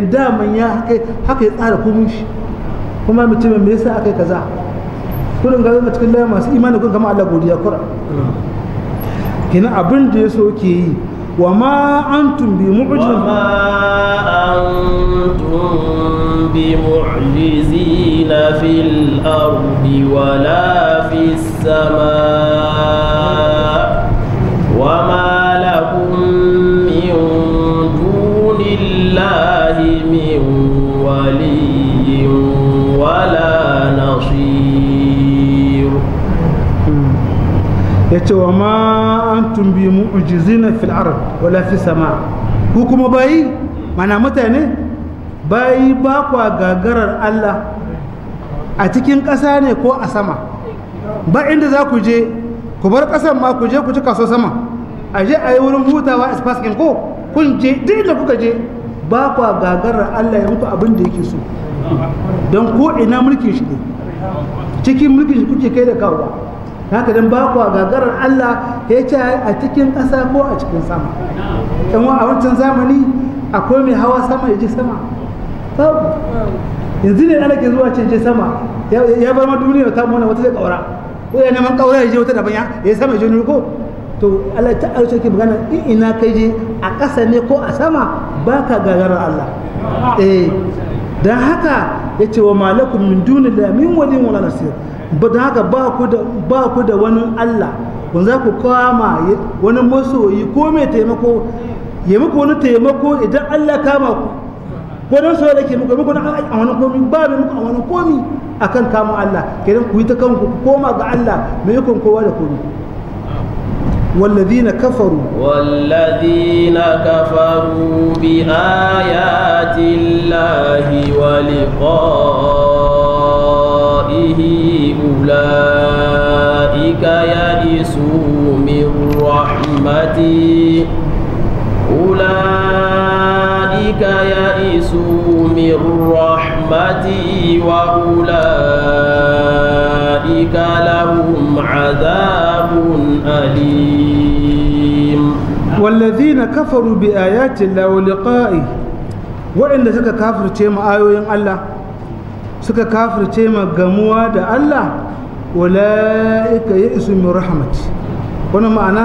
da daman ya haka ya tsara komin shi kuma mutumin me yasa aka yi kaza kurin ga zama cikin laya masu imani kun kama Allah godiya kura mm. kina abin da ya so ke yi وما أنتم بمعجزين وما أنتم بمعجزين في الأرض ولا في السماء وما لكم من دون الله من ولي ولا نصير ya ce wa ma an tumbi mu'jizina fil arab wala fi sama ku kuma bayi mana mutane bayi ba kwa gagarar Allah a cikin ƙasa ne ko a sama ba inda za ku je ku bar ƙasan ma ku je ku ci kaso sama a je a yi wurin hutawa a ko kun je duk inda kuka je ba kwa gagarar Allah ya muku abin da yake so don ko ina mulkin shi ne cikin mulkin shi kuke kai da kawo haka dan baku a gagarar Allah ya ce a cikin ƙasa ko a cikin sama ɗan wa a wancan zamani akwai mai hawa sama ya ji sama yanzu ne ana ke zuwa ce je sama ya bar ma duniya ta mona wata zai ƙaura ko ya neman ƙaura ya je wata daban ya ya sama ya je ko to Allah ta arce ke magana in ina kai je a ƙasa ne ko a sama baka gagarar Allah eh dan haka ya ce wa malakun min duni da min wani wala nasir ba da haka ba ku da wani Allah wanda za ku kama wani masoyi ko mai taimako ya muku wani taimako idan Allah kama ku ko don soyayya da ke muku muku na a wani komi ba mai muku a wani komi akan kama Allah kenan ku yi ta kanku koma ga Allah mai yakon kowa da komi والذين كفروا والذين كفروا بآيات الله ولقائه أولئك يئسوا من رحمتي أولئك يئسوا من رحمتي وأولئك لهم عذاب أليم والذين كفروا بآيات الله ولقائه waɗanda suka kafirce mu ayoyin Allah suka kafirce mu gamuwa da Allah wala'ika ya isu min rahmat wani ma'ana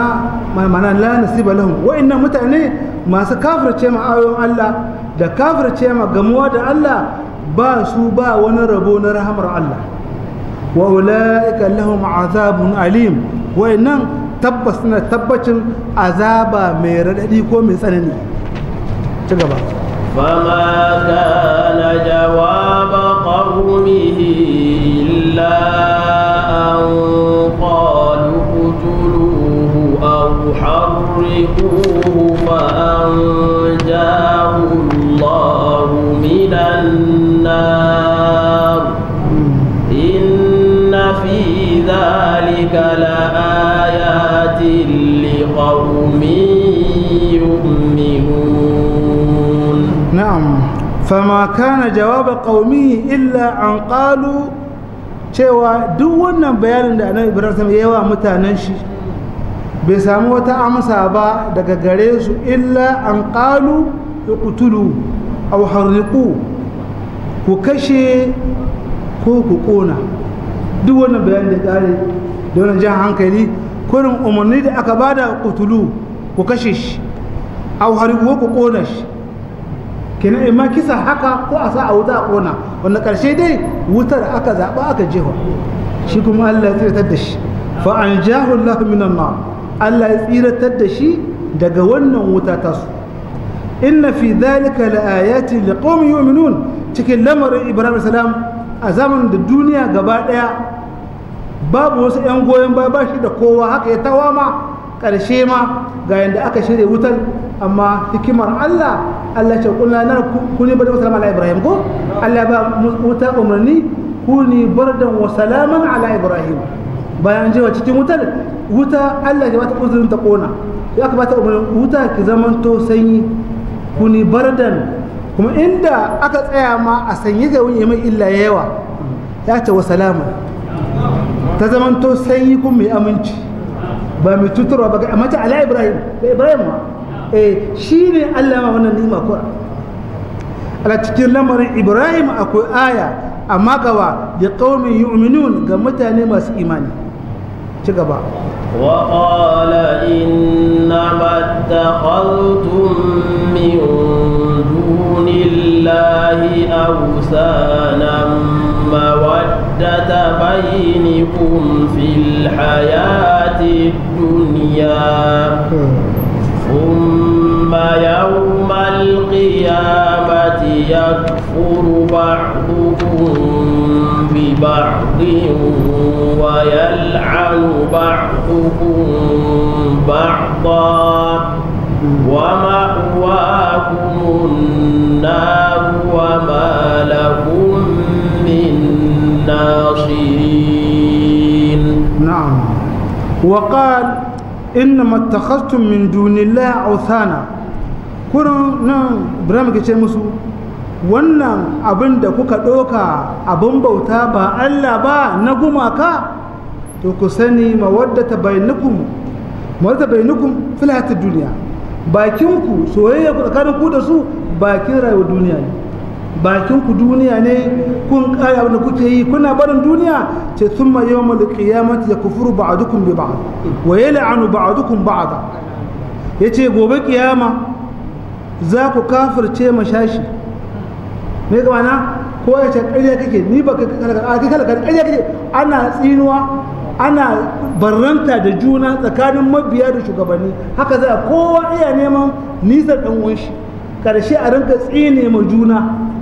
ma'ana la nasiba lahum wa'annan mutane masu kafirce mu ayoyin Allah da kafirce mu gamuwa da Allah ba su ba wani rabo na rahamar Allah wa ula'ika lahum azabun alim wa'annan tabbas na tabbacin azaba mai raɗaɗi ko mai tsanani ci gaba فما كان جواب قومه إلا أن قالوا اقتلوه أو حرقوه فأنجاه الله من النار na'am fama kana jawaba qaumi illa an qalu cewa duk wannan bayanin da annabi ibrahim ya wa mutanen shi bai samu wata amsa ba daga gare su illa an qalu iqtulu aw harriqu ku kashe ko ku kona duk wannan bayanin da kare da wannan jan hankali kurin umarni da aka bada qutulu ku kashe shi aw harriqu ku kona shi kenan ma kisa haka ko a sa a wuta a kona wanda karshe dai wutar aka zaɓa aka jefa shi kuma Allah ya tsiratar da shi fa an jahu Allah minan Allah ya tsiratar da shi daga wannan wuta ta su inna fi dhalika laayatin liqaumin yu'minun cikin lamarin Ibrahim salam a zaman da duniya gaba daya babu wasu yan goyon baya ba shi da kowa haka ya tawama ƙarshe ma ga yadda aka shirya wutar amma hikimar Allah Allah ce nan ku ne bar salama ala Ibrahim ko Allah ba wuta umarni ne bar da salaman ala Ibrahim bayan jewa cikin wutar wuta Allah ya bata uzurin ta kona ya aka bata umarni wuta ki zaman to sanyi bar da kuma inda aka tsaya ma a sanyi ga wani mai illa yawa ya ce wa salama ta zaman to sanyi kun mai aminci ba mai tuturwa ba amma ta ala ibrahim ba ibrahim ma eh ne Allah ma wannan ni'ima ko ala cikin lamarin ibrahim akwai aya amma gawa da qaumin yu'minun ga mutane masu imani ci gaba وقال إنما اتخذتم من دون الله أوثانا مودة مودة بينكم في الحياة الدنيا ثم يوم القيامة يكفر بعضكم ببعض ويلعن بعضكم بعضا ومأواكم النار وما لكم من الناصرين نعم وقال إنما اتخذتم من دون الله أوثانا nan ibrahim ce musu wannan abin da kuka ɗauka abin bauta ba allah ba na gumaka to ku sani mawaddata bainakum mawaddata bainakum fil hayatid duniya bakin ku soyayya ku tsakanin ku da su bakin rayuwar duniya ne bakin ku duniya ne kun kare da kuke yi kuna barin duniya ce thumma kufuru qiyamati yakfuru ba'dukum bi ba'd wa yal'anu yace gobe kiyama za ku kafirce mashashi me ga mana ko ya ce ƙarya kake ni ba ka ƙarya kake ana tsinuwa ana barranta da juna tsakanin mabiya da shugabanni haka za kowa iya neman nisan ɗan wunshi ƙarshe a rinka tsine ma juna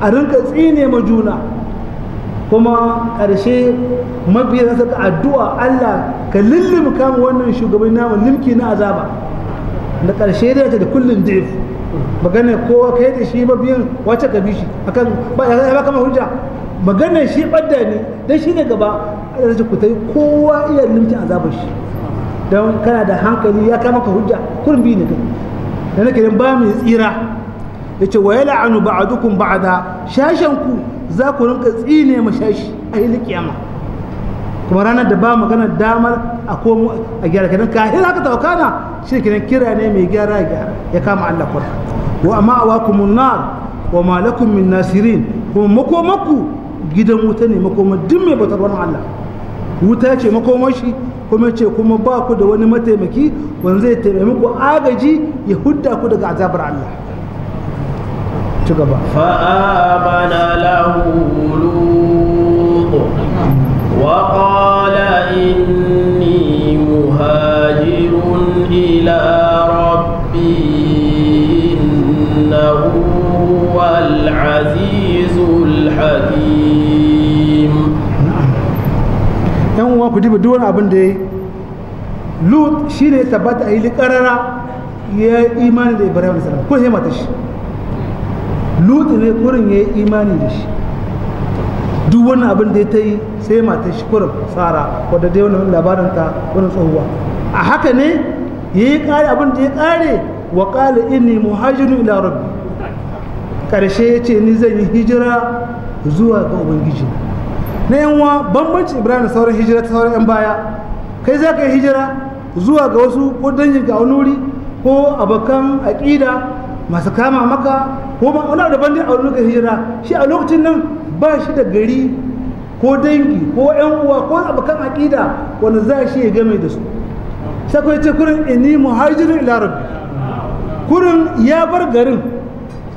a rinka tsine ma juna kuma ƙarshe mabiya za ta addu'a Allah ka lullum kama wannan shugaban namu limki na azaba da ƙarshe da ta da kullum dif magana ko kai da shi mabiyan wacce ka bi shi akan ba ya kama hujja magana shi ɓadda ne dan shi ne gaba Allah ta kutai kowa iya limki azabar shi don kana da hankali ya kama ka hujja kullum bi ne kai dan nake ba mu tsira ya ce wa ya la'anu ba'adukum ba'da shashenku za ku rinka tsine ma shashi a yi kiyama kuma ranar da ba magana damar a komo a gyara kenan kafin haka taukana shi kenan kira ne mai gyara ya kama Allah kwarka wa amma awakumun nar wa malakum min nasirin kuma makomaku gidan wuta ne makoma duk mai bautar wani Allah wuta ce makoma shi kuma ce kuma ba ku da wani mataimaki wanda zai taimaki ku agaji ya hudda ku daga azabar Allah ci gaba fa'amana lahu lut wa qala inni muhajirun ila rabbi na huwa azizul hakim yan uwa ku duba duwan abin da ya lut shi ne tabbata a yi karara ya imani da ibrahim da salam ko sai mata shi lutu ne kurin ya yi imani da shi duk wani abin da ya ta yi sai mata shi kurin tsara wadda dai wani labarin ta wani tsohuwa a haka ne ya yi kare abin da ya kare wa kala inni muhajiru ila rabbi karshe ya ce ni zan yi hijira zuwa ga ubangiji na yanwa bambanci ibrahim da sauran hijira ta sauran yan baya kai za ka yi hijira zuwa ga wasu ko dangin ga wani wuri ko abokan aƙida masu kama maka ko ba wani daban dai a lokacin hijira shi a lokacin nan ba shi da gari ko dangi ko yan uwa ko abokan aƙida wani za shi ya game da su sai kuma ce kurin ini muhajirin ila kurin ya bar garin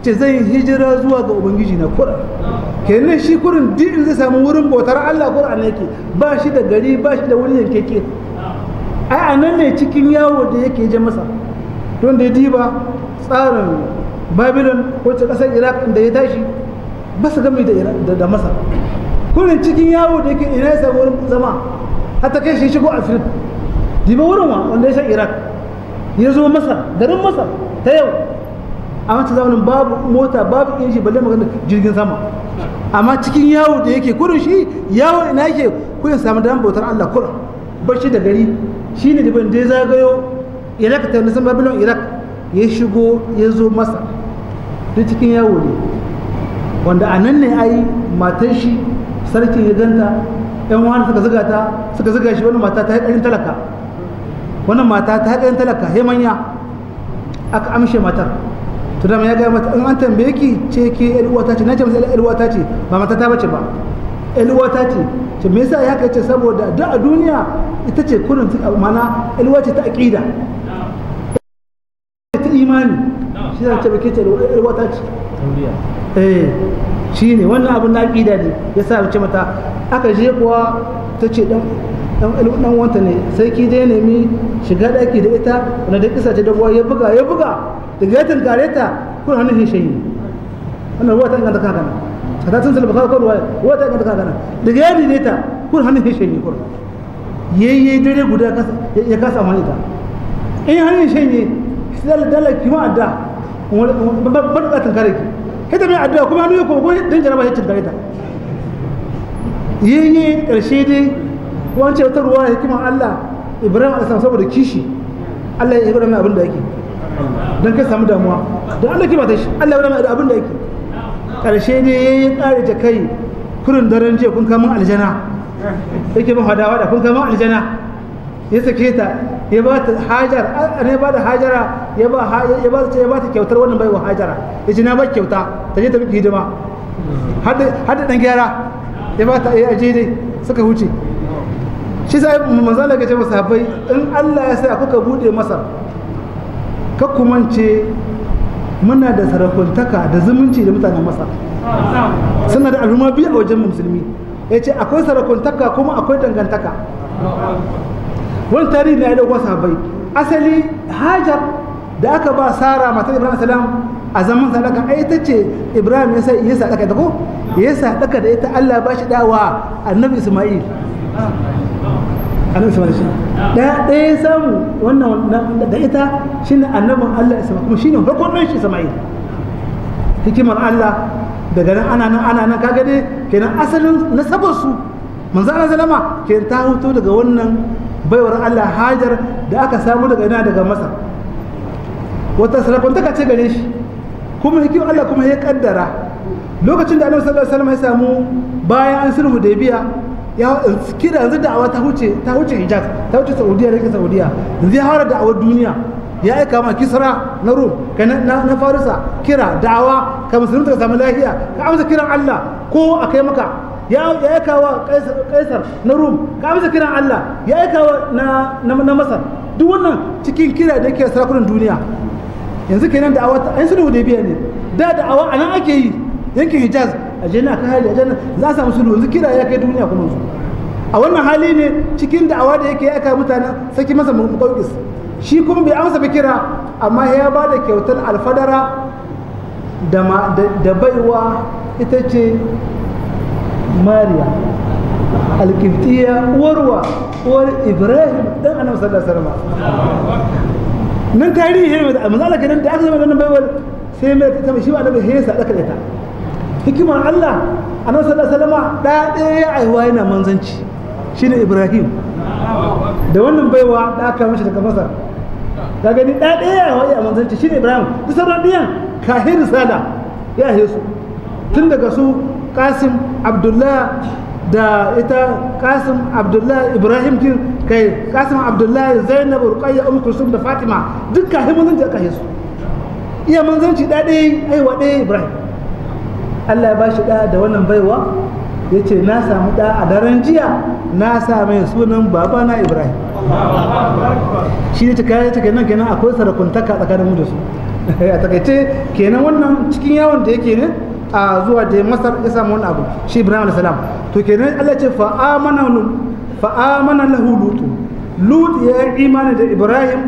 ce zai hijira zuwa ga ubangiji na kura kenan shi kurin din zai samu wurin bautar Allah Qur'an yake ba shi da gari ba shi da wani yankeke ai nan ne cikin yawo da yake je masa don da diba tsarin Babilon wacce kasar iraq da ya tashi ba su gami da masar kurin cikin yawo da yake ina ya wurin zama har ta kai shi shigo firin Dima wurin wa wanda ya shan iraq ya zo masar garin masar ta yau a wancan zamanin babu mota babu inji balle magana jirgin sama amma cikin yawo da yake kurin shi yawo ina yake kuyin samun damar bautar allah kura bashi da gari shi ne da ban da ya zagayo iraq ta nisan babilon iraq ya shigo ya zo masar ta cikin yawo ne wanda a nan ne ai matar shi sarkin ya ganta yan wani suka zuga ta suka zuga shi wani mata ta yi ɗarin talaka wani mata ta yi ɗarin talaka he manya aka amshe matar to dama ya gaya mata in an tambaye ki ce ke yar uwata ce na ce masa yar uwata ce ba mata ta bace ba yar uwata ce ce me yasa ya ka ce saboda duk a duniya ita ce kurin mana yar ce ta aqida ta imani shi zan ce bakin ce da wata ce eh shi ne wannan abin na ƙida ne ya sa ce mata aka je kuwa ta ce dan dan wanta ne sai ki je nemi shiga ɗaki da ita wanda da kisa ce da ya buga ya buga daga ya tunkare ta kun hannun shi wannan ruwa ta inganta kakana kada sun salba kawo ruwa ruwa ta inganta kakana daga ya dide ta kun hannun shi shi kun yayye dare guda ya kasa amfani ta in hannun shi ne sai dala kima adda ban bukatun kare ki kai ta mai addu'a kuma hannu ya kuma kuma dan jaraba ya cikin ta yi yi karshe dai wance ta ruwa da hikimar Allah Ibrahim alaihi saboda kishi Allah ya Ibrahim abin da yake dan kai samu damuwa dan Allah kima ta shi Allah ya Ibrahim abin da yake karshe ne yayi kare ta kai kurin daren je kun kama aljana yake mun hadawa da kun kama aljana ya sake ta ya ba ta hajar ne ba da hajara ya ba ya ba ta ya ba ta kyautar wannan baiwa hajara ya ji na ba kyauta ta je ta miki hidima har da dan gyara ya ba ta a je dai suka huce shi sai manzo ga ya sahabbai in Allah ya sa kuka bude masa ka kumance muna da sarakuntaka da zumunci da mutanen masa suna da al'umma biyu a wajen musulmi ya ce akwai sarakuntaka kuma akwai dangantaka wani tarihi na ya dauko bai asali hajar da aka ba sara matar ibrahim salam a zaman sadaka ai ita ce ibrahim ya sai yasa sadaka ko ya da ita Allah ba shi dawa annabi isma'il annabi isma'il da ɗaya samu wannan da ita shine annabin Allah isma'il kuma shine farkon nan shi isma'il hikimar Allah daga nan ana nan ana nan kaga dai kenan asalin nasabar su manzo Allah salama kenan ta huto daga wannan baiwar Allah hajar da aka samu daga ina daga masar wata ta ce gare shi kuma hikim Allah kuma ya kaddara lokacin da annabi sallallahu alaihi wasallam ya samu bayan an sulhu biya ya kira yanzu da'awa ta huce ta huce hijaz ta huce saudiya da saudiya yanzu ya fara da'awa duniya ya aika ma kisra na rum ka na farisa kira da'awa ka musulunta ka samu lafiya ka amsa kiran Allah ko a kai maka ya aika wa kaisar na rum ka bisa kiran Allah ya aika wa na masar duk wannan cikin kira da yake sarakunan duniya yanzu kenan da awa an sulhu da biya ne da da awa anan ake yi yankin hijaz a jana ka hali a jana za a samu sulhu yanzu kira ya kai duniya kuma su a wannan hali ne cikin awa da yake ya aika mutanen saki masa mukaukis shi kuma bai amsa ba kira amma ya ba da kyautar alfadara da baiwa ita ce mariya alkiftiya uwarwa uwar ibrahim dan annabi sallallahu alaihi wasallam nan tarihi ne da manzala kenan da aka zama wannan baiwar sai mai ta shi ba annabi sai ya sadaka da ta hikimar Allah annabi sallallahu alaihi wasallam da ɗaya aiwa yana manzanci shine ibrahim da wannan baiwa da aka mishi daga masar ka gani da ɗaya aiwa ya manzanci shine ibrahim duk sauran ɗiyan kahin risala ya hesu tun daga su kasim abdullah da ita kasim abdullah ibrahim kin kai kasim abdullah zainab ruqayya um kulsum da fatima dukkan da aka hisu iya manzanci da ɗaya aiwa ɗaya ibrahim allah ya ba shi da wannan baiwa ya ce na samu da a daren jiya na same sunan babana ibrahim shi ne cika ta nan kenan akwai sarakuntaka tsakanin mu da su a takaice kenan wannan cikin yawon da yake ne a zuwa da masar ya samu wani abu shi ibrahim alayhi salam to kenan Allah ce fa fa lahu lutu lut ya yi imani da ibrahim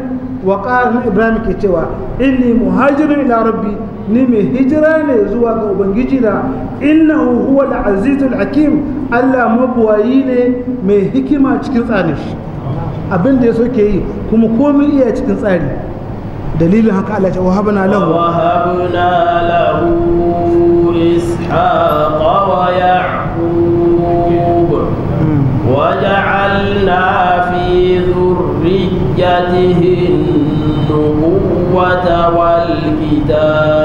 wa qala ibrahim ke cewa inni muhajirun ila rabbi ni mai hijira ne zuwa ga ubangiji na innahu huwa al-azizul hakim Allah mabuwayi ne mai hikima cikin tsarin abin ya so ke yi kuma komai iya cikin tsari دليل هكا الله وهبنا له وهبنا له إسحاق ويعقوب وجعلنا في ذريته النبوة والكتاب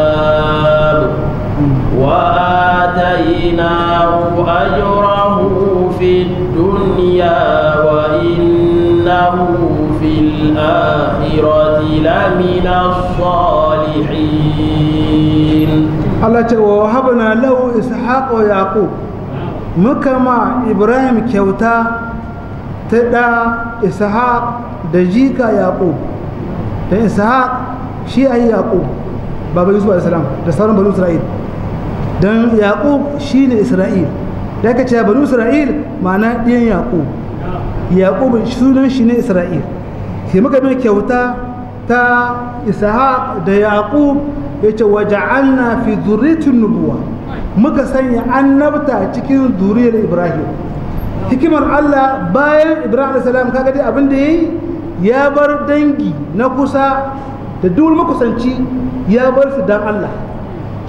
لمن الصالحين الله تعالى وهبنا له إسحاق ويعقوب مكما إبراهيم كيوتا تدا إسحاق دجيكا يعقوب إسحاق ɗiyan Yaqub Yaqub sunan shi ne sai muka bin kyauta ta ishaq da yaqub yace waja'alna fi dhurriyyatin nubuwa muka sanya annabta cikin zuriyar ibrahim hikimar Allah bayan ibrahim salam kaga dai abin da yayi ya bar dangi na kusa da duk makusanci ya bar su dan Allah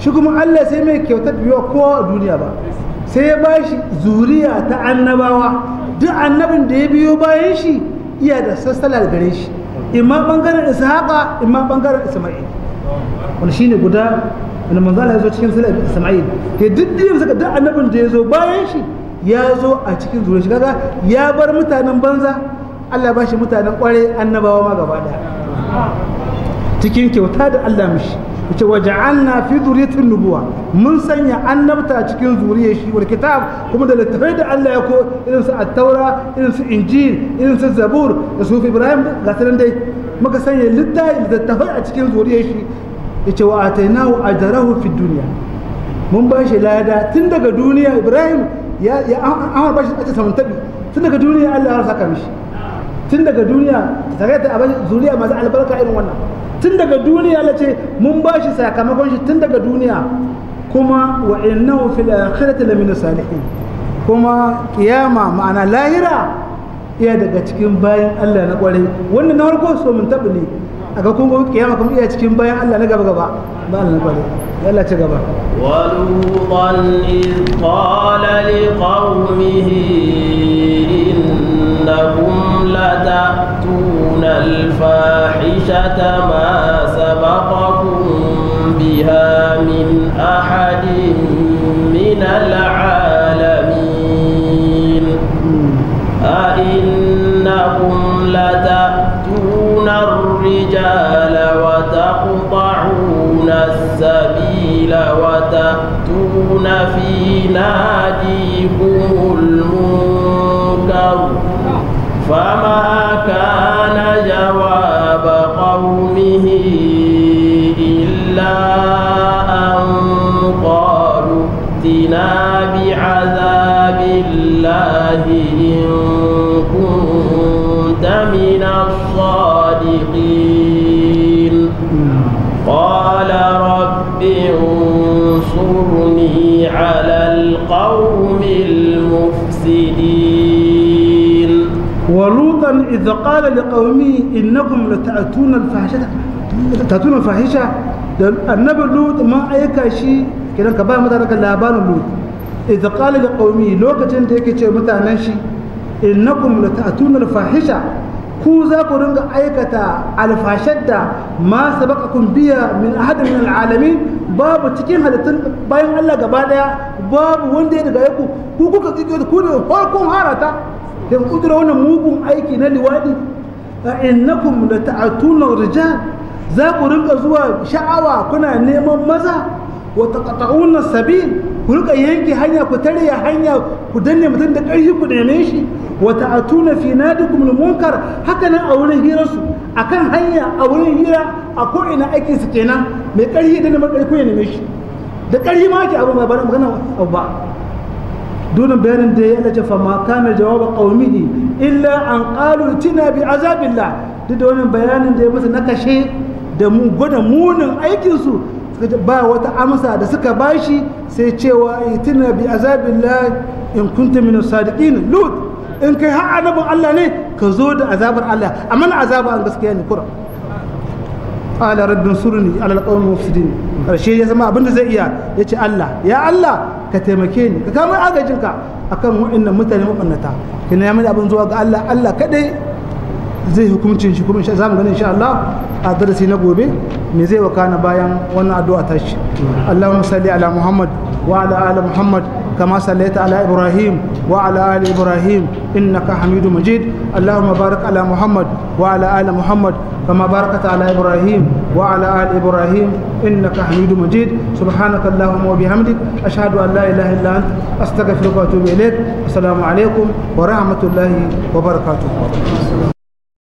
shi kuma Allah sai mai kyauta biyo ko a duniya ba sai ya bashi zuriya ta annabawa duk annabin da ya biyo bayan shi iya da sassala gare shi imma bangaren ishaqa imma bangaren isma'il wani shine guda wani manzo ya zo cikin sunan isma'il ke duk da suka annabin da ya zo bayan shi ya zo a cikin zuwa shi kaga ya bar mutanen banza Allah ba shi mutanen kware annabawa ma gaba daya cikin kyauta da Allah mishi waje an na fi dhurriyyati nubuwa mun sanya annabta cikin zuriyar shi wal kitab kuma da littafai da Allah ya ko irin su at-taura irin su injil irin su zabur da su ibrahim ga sanan dai muka sanya littafi littafai a cikin zuriyar shi yace wa atainahu ajrahu fi dunya mun ba shi lada tun daga duniya ibrahim ya an ba shi ta samantabi tun daga duniya Allah ya saka mishi tun daga duniya ta ta abin zuriya masu albarka irin wannan tun daga duniya la ce mun ba shi sakamakon shi tun daga duniya kuma wa innahu fil akhirati lamina salihin kuma kiyama ma'ana lahira iya daga cikin bayan Allah na kware wannan na farko so mun tabi ne a ga kun ga kiyama kuma iya cikin bayan Allah na gaba gaba ba Allah na kwarai Allah ci gaba ولوطا إذ قال لقومه إنكم لتأتون تبغون الفاحشة ما سبقكم بها من أحد من العالمين أئنكم لتأتون الرجال وتقطعون السبيل وتأتون في ناديكم المنكر فما كان جواب قومه إلا أن قالوا ائتنا بعذاب الله إن كنت من الصادقين قال رب انصرني على القوم لوطا إذ قال لقومه إنكم لتأتون الفاحشة لتأتون الفاحشة النبي لوط ما أيكا شيء كده كبار متى لابان لوط إذ قال لقومه لوكتين تيكي شيء متى نشي إنكم لتأتون الفاحشة ku za ku ringa aikata alfashar da ma kun biya min ahadin min alamin babu cikin halittun bayan Allah gaba daya babu wanda ya daga yaku ku kuka kike ku ne farkon harata ya kudura wannan mugun aiki na liwadi a innakum da ta'atunan rijal za ku rinka zuwa sha'awa kuna neman maza wa taqta'una sabil ku rika yanke hanya ku tare hanya ku danne mutum da ƙarfi ku neme shi wa ta'atuna fi nadikum al-munkar haka nan a wurin akan hanya a wurin hira a ko ina ake su kenan mai ƙarfi da mai makarfi ku neme shi da ƙarfi ma ake abu mai bana magana ba دون بيان دي ألج فما كان جواب قومه إلا أن قالوا اتنا بعذاب الله دون بيان دي مثل نكشي da mu gwada munin aikinsu ba wata amsa da suka bashi sai cewa itina bi azabillah in kunta min sadiqin lut in kai har annabin Allah ne ka zo da azabar Allah amma azabar an gaskiya ne kura qala rabbin surni ala alqawmi mufsidin karshe ya zama abinda zai iya ya ce Allah ya Allah ka taimake ni ka kama agajinka akan waɗannan mutane mabannata kina ya mini abin zuwa ga Allah Allah kadai zai hukuncin shi kuma za mu gani insha Allah a darasi na gobe me zai wakana bayan wannan addu'a ta shi Allahumma salli ala Muhammad wa ala ali Muhammad kama sallaita ala Ibrahim wa ala ali Ibrahim innaka Hamidu Majid Allahumma barik ala Muhammad wa ala ali Muhammad kama barakta ala Ibrahim wa ala ali Ibrahim innaka Hamidu Majid subhanaka Allahumma wa bihamdik ashhadu an la ilaha illa anta astaghfiruka wa atubu ilaik assalamu alaikum wa rahmatullahi wa barakatuh